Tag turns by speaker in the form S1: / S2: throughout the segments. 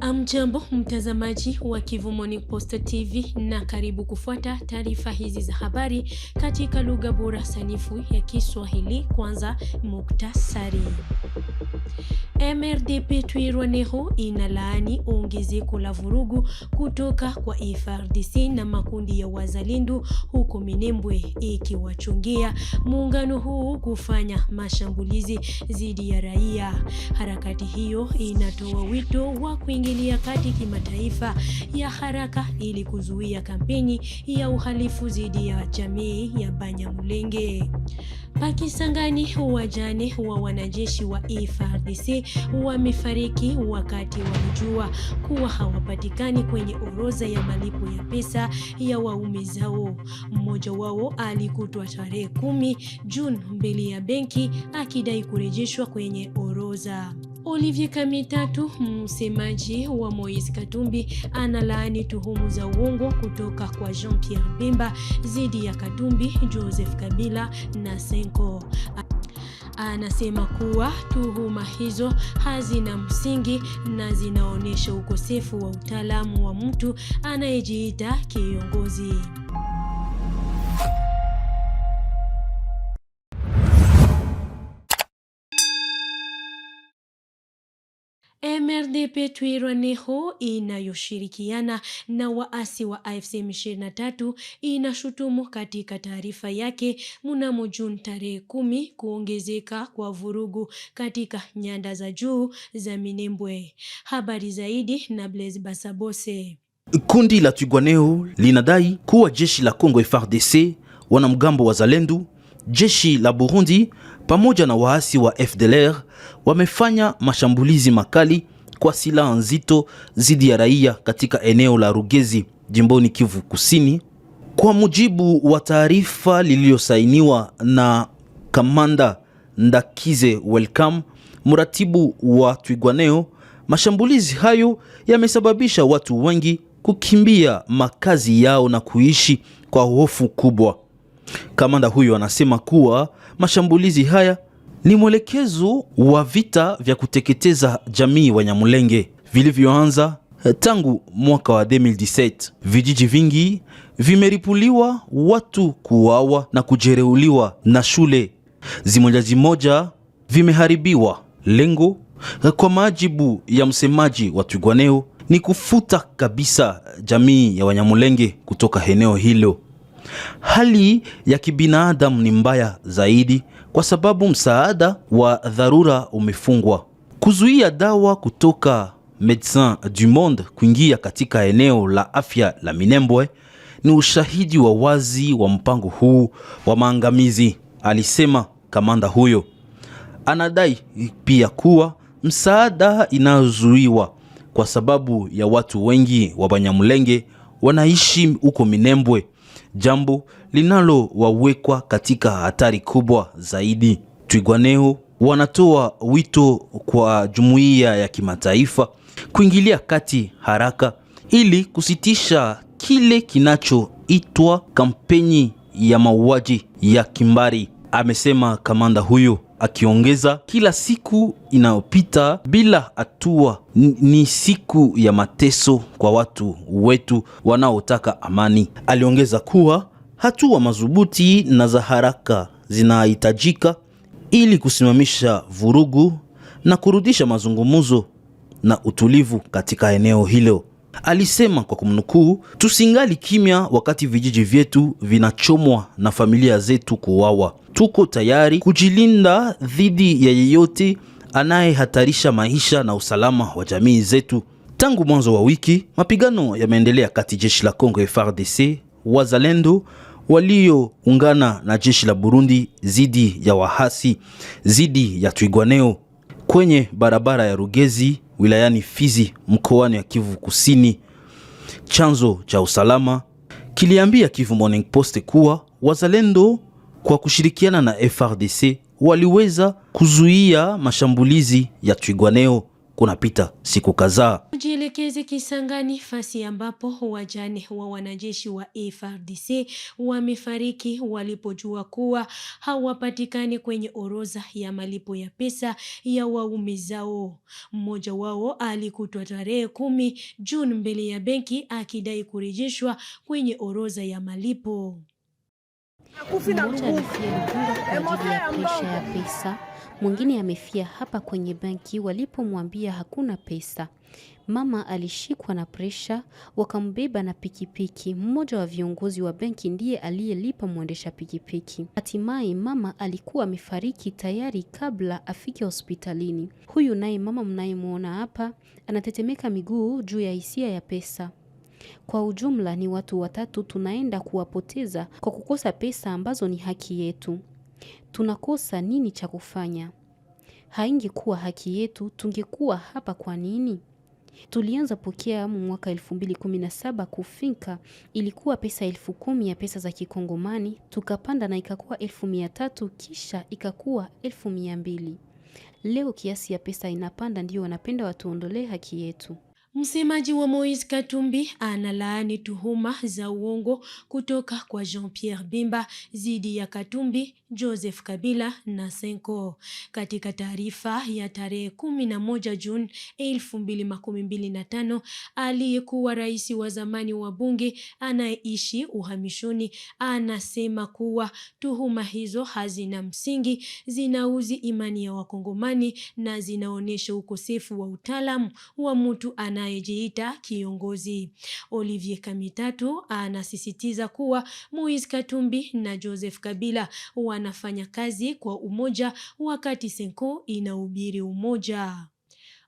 S1: Amjambo mtazamaji wa Kivu Morning Post TV na karibu kufuata taarifa hizi za habari katika lugha bora sanifu ya Kiswahili. Kwanza muktasari. MRDP Neho inalaani ongezeko la vurugu kutoka kwa frdc na makundi ya wazalendo huko Minembwe, ikiwachungia muungano huu kufanya mashambulizi dhidi ya raia. Harakati hiyo inatoa wito wa kuingilia kati kimataifa ya haraka ili kuzuia kampeni ya uhalifu dhidi ya jamii ya Banyamulenge. Pakisangani, wajane wa wanajeshi wa frdc wamefariki wakati walijua kuwa hawapatikani kwenye orodha ya malipo ya pesa ya waume zao. Mmoja wao alikutwa tarehe kumi Juni mbele ya benki akidai kurejeshwa kwenye orodha. Olivier Kamitatu, msemaji wa Moise Katumbi, analaani tuhumu za uongo kutoka kwa Jean Pierre Bemba dhidi ya Katumbi, Joseph Kabila na Senko anasema kuwa tuhuma hizo hazina msingi na zinaonyesha ukosefu wa utaalamu wa mtu anayejiita kiongozi. RDP Neho inayoshirikiana na waasi wa AFC M23 inashutumu katika taarifa yake mnamo Juni tarehe kumi kuongezeka kwa vurugu katika nyanda za juu za Minembwe. Habari zaidi na Blaise Basabose.
S2: Kundi la Twirwaneho linadai kuwa jeshi la Kongo frdc wanamgambo wa Zalendu, jeshi la Burundi pamoja na waasi wa FDLR wamefanya mashambulizi makali kwa silaha nzito dhidi ya raia katika eneo la Rugezi jimboni Kivu Kusini, kwa mujibu wa taarifa liliyosainiwa na Kamanda Ndakize Welcome, mratibu wa Twigwaneo. Mashambulizi hayo yamesababisha watu wengi kukimbia makazi yao na kuishi kwa hofu kubwa. Kamanda huyo anasema kuwa mashambulizi haya ni mwelekezo wa vita vya kuteketeza jamii Wanyamulenge vilivyoanza tangu mwaka wa 2017. Vijiji vingi vimeripuliwa, watu kuuawa na kujereuliwa, na shule zimoja zimoja vimeharibiwa. Lengo kwa majibu ya msemaji wa twigwaneo ni kufuta kabisa jamii ya Wanyamulenge kutoka eneo hilo. Hali ya kibinadamu ni mbaya zaidi kwa sababu msaada wa dharura umefungwa. Kuzuia dawa kutoka medecin du Monde kuingia katika eneo la afya la Minembwe ni ushahidi wa wazi wa mpango huu wa maangamizi, alisema kamanda huyo. Anadai pia kuwa msaada inayozuiwa kwa sababu ya watu wengi wa Banyamulenge wanaishi huko Minembwe jambo linalowawekwa katika hatari kubwa zaidi. Twigwaneho wanatoa wito kwa jumuiya ya kimataifa kuingilia kati haraka ili kusitisha kile kinachoitwa kampeni ya mauaji ya kimbari, amesema kamanda huyo akiongeza kila siku inayopita bila hatua ni siku ya mateso kwa watu wetu wanaotaka amani. Aliongeza kuwa hatua madhubuti na za haraka zinahitajika ili kusimamisha vurugu na kurudisha mazungumzo na utulivu katika eneo hilo. Alisema kwa kumnukuu, tusingali kimya wakati vijiji vyetu vinachomwa na familia zetu kuuawa. Tuko tayari kujilinda dhidi ya yeyote anayehatarisha maisha na usalama wa jamii zetu. Tangu mwanzo wa wiki, mapigano yameendelea kati jeshi la Kongo FARDC, wazalendo walioungana na jeshi la Burundi dhidi ya wahasi dhidi ya Twigwaneo kwenye barabara ya Rugezi wilayani Fizi mkoani wa Kivu Kusini. Chanzo cha usalama kiliambia Kivu Morning Post kuwa wazalendo kwa kushirikiana na FRDC waliweza kuzuia mashambulizi ya Twigwaneo kunapita siku kadhaa.
S1: Tujielekeze Kisangani, fasi ambapo wajane wa wanajeshi wa frdc wamefariki walipojua kuwa hawapatikani kwenye orodha ya malipo ya pesa ya waume zao. Mmoja wao alikutwa tarehe kumi Juni mbele ya benki akidai kurejeshwa kwenye orodha ya malipo.
S3: Mmoja alifia kwa ajili ya presha ya pesa, mwingine amefia hapa kwenye benki walipomwambia hakuna pesa. Mama alishikwa na presha, wakambeba na pikipiki. Mmoja wa viongozi wa benki ndiye aliyelipa mwendesha pikipiki. Hatimaye mama alikuwa amefariki tayari kabla afike hospitalini. Huyu naye mama mnayemwona hapa anatetemeka miguu juu ya hisia ya pesa. Kwa ujumla ni watu watatu tunaenda kuwapoteza kwa kukosa pesa ambazo ni haki yetu. Tunakosa nini cha kufanya? Haingekuwa haki yetu, tungekuwa hapa kwa nini? Tulianza pokea mwaka elfu mbili kumi na saba kufika ilikuwa pesa elfu kumi ya pesa za kikongomani, tukapanda na ikakuwa elfu mia tatu kisha ikakuwa elfu mia mbili. Leo kiasi ya pesa inapanda ndiyo wanapenda watuondolee haki yetu.
S1: Msemaji wa Moise Katumbi analaani tuhuma za uongo kutoka kwa Jean-Pierre Bemba dhidi ya Katumbi, Joseph Kabila na Senko. Katika taarifa ya tarehe 11 Juni 2025, aliyekuwa rais wa zamani wa bunge anayeishi uhamishoni anasema kuwa tuhuma hizo hazina msingi, zinauzi imani ya Wakongomani na zinaonyesha ukosefu wa utaalamu wa mtu ana anayejiita kiongozi. Olivier Kamitatu anasisitiza kuwa Moise Katumbi na Joseph Kabila wanafanya kazi kwa umoja wakati Senko inahubiri umoja.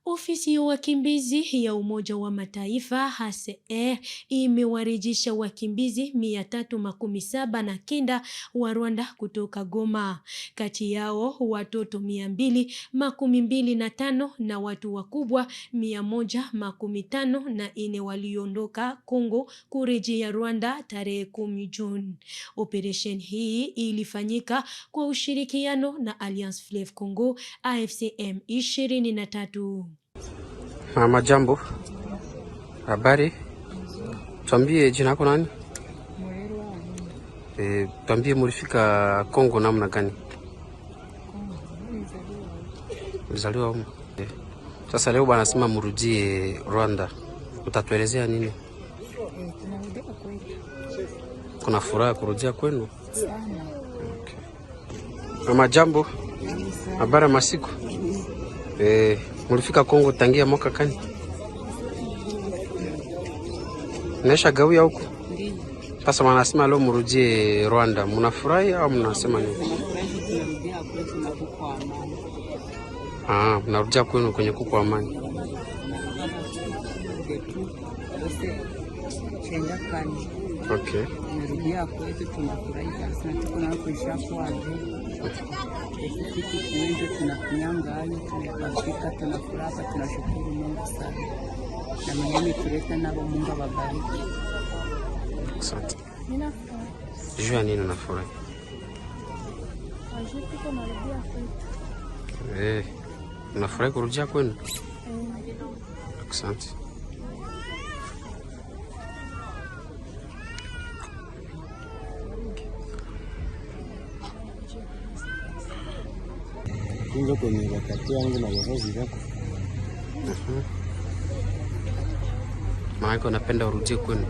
S1: Ofisi ya wakimbizi ya Umoja wa Mataifa HCR e, imewarejesha wakimbizi mia tatu makumi saba na kenda wa Rwanda kutoka Goma, kati yao watoto mia mbili makumi mbili na tano na watu wakubwa mia moja makumi tano na nne waliondoka Kongo kurejea Rwanda tarehe kumi Juni. Operesheni hii ilifanyika kwa ushirikiano na Alliance Fleuve Congo AFCM ishirini na tatu.
S4: Ah, Mama, jambo. Habari? Tuambie jina lako nani? E, tuambie mulifika Kongo namna gani? Mzaliwa huko. E. Sasa leo bwana anasema murudie Rwanda. Utatuelezea nini? Kuna furaha kurudia kwenu? Okay. Mama, jambo. Habari masiku. Eh, Mulifika Kongo tangia mwaka kani? naisha gawia huku Ndiyo. Sasa wanasema leo murujie Rwanda, mnafurahi au mnasema nini? Ah, mnarudia kwenu kwenye kuku amani. Okay. Tuende tunakunyanga hayo, yaani tunapazika, tunafuraha, tunashukuru Mungu sana na mwenyewe tuleta nabo, Mungu awabariki. Asante. Juu ya nini Unafurahi eh, kurudia kwenu? Eh, Asante.
S5: nimejikunza kwenye wakati wangu na wazazi wako. Mhm.
S4: Maana unapenda urudie kwenu.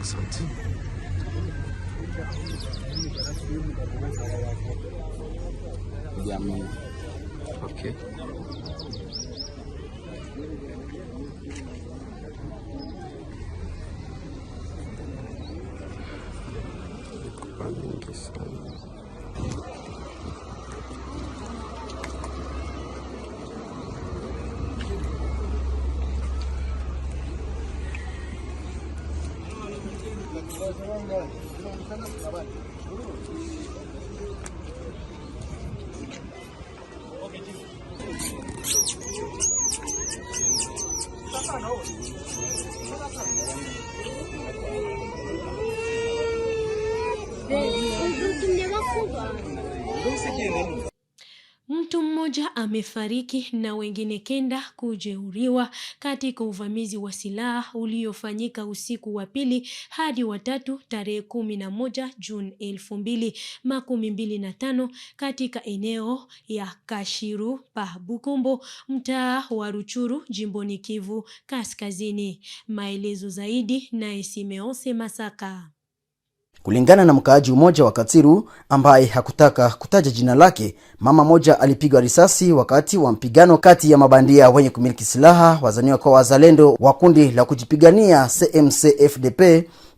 S4: Asante. Jamani. Okay. Kwa mingi sana.
S1: ne uzun ne bakıyor? どうして消えないの mmoja amefariki na wengine kenda kujeruhiwa katika uvamizi wa silaha uliofanyika usiku wa pili hadi watatu tarehe kumi na moja Juni elfu mbili makumi mbili na tano katika eneo ya Kashiru pa Bukombo, mtaa wa Ruchuru, jimboni Kivu Kaskazini. Maelezo zaidi naye Simeose Masaka.
S6: Kulingana na mkaaji mmoja wa Katsiru ambaye hakutaka kutaja jina lake, mama mmoja alipigwa risasi wakati wa mpigano kati ya mabandia wenye kumiliki silaha wazaniwa kwa wazalendo wa kundi la kujipigania CMC FDP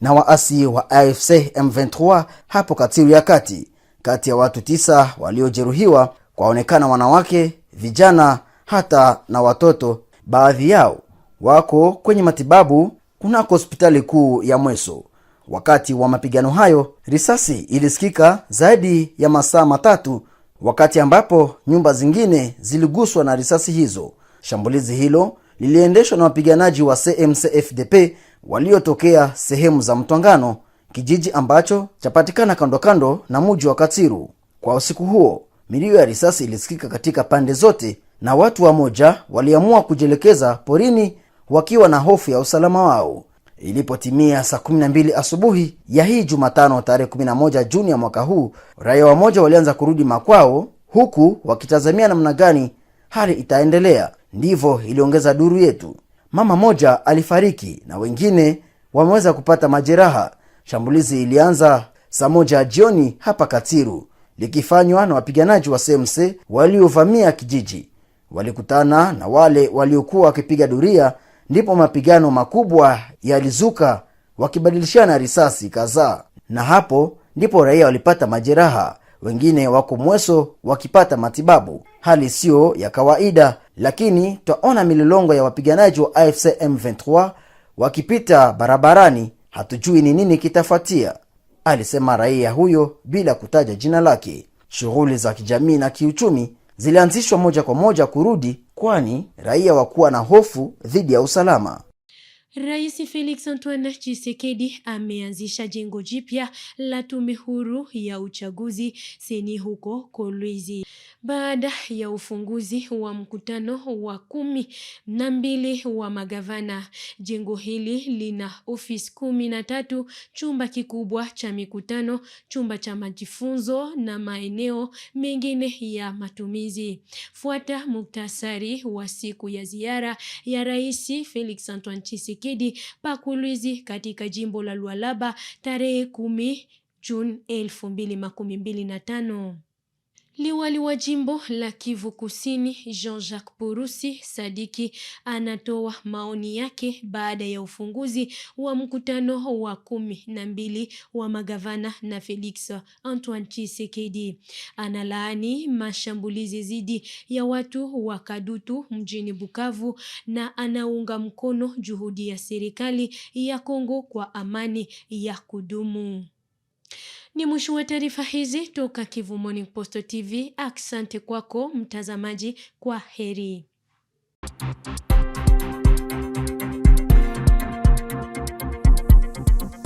S6: na waasi wa AFC M23 hapo Katsiru ya kati. Kati ya watu tisa waliojeruhiwa kwaonekana wanawake, vijana hata na watoto. Baadhi yao wako kwenye matibabu kunako hospitali kuu ya Mweso. Wakati wa mapigano hayo, risasi ilisikika zaidi ya masaa matatu, wakati ambapo nyumba zingine ziliguswa na risasi hizo. Shambulizi hilo liliendeshwa na wapiganaji wa CMCFDP waliotokea sehemu za Mtwangano, kijiji ambacho chapatikana kando kando na muji wa Katsiru. Kwa usiku huo, milio ya risasi ilisikika katika pande zote na watu wa moja waliamua kujielekeza porini wakiwa na hofu ya usalama wao. Ilipotimia saa 12 asubuhi ya hii Jumatano tarehe 11 Juni ya mwaka huu, raia wamoja walianza kurudi makwao, huku wakitazamia namna gani hali itaendelea. Ndivyo iliongeza duru yetu. Mama moja alifariki na wengine wameweza kupata majeraha. Shambulizi ilianza saa moja jioni hapa Katiru, likifanywa na wapiganaji wa SMC waliovamia kijiji. Walikutana na wale waliokuwa wakipiga duria ndipo mapigano makubwa yalizuka, wakibadilishana risasi kadhaa, na hapo ndipo raia walipata majeraha, wengine wako Mweso wakipata matibabu. Hali siyo ya kawaida, lakini twaona milolongo ya wapiganaji wa AFC M23 wakipita barabarani, hatujui ni nini kitafuatia, alisema raia huyo bila kutaja jina lake. Shughuli za kijamii na kiuchumi zilianzishwa moja kwa moja kurudi kwani raia wakuwa na hofu dhidi ya usalama.
S1: Rais Felix Antoine Tshisekedi ameanzisha jengo jipya la tume huru ya uchaguzi seni huko Kolwezi baada ya ufunguzi wa mkutano wa kumi na mbili wa magavana. Jengo hili lina ofisi kumi na tatu, chumba kikubwa cha mikutano, chumba cha majifunzo na maeneo mengine ya matumizi. Fuata muktasari wa siku ya ziara ya Rais Felix Antoine Tshisekedi pakulizi katika jimbo la Lualaba tarehe kumi Juni elfu mbili makumi mbili na tano. Liwali wa jimbo la Kivu Kusini Jean-Jacques Purusi Sadiki anatoa maoni yake baada ya ufunguzi wa mkutano wa kumi na mbili wa magavana na Felix Antoine Tshisekedi. Analaani mashambulizi dhidi ya watu wa Kadutu mjini Bukavu na anaunga mkono juhudi ya serikali ya Kongo kwa amani ya kudumu. Ni mwisho wa taarifa hizi toka Kivu Morning Post TV. Asante kwako mtazamaji, kwa heri.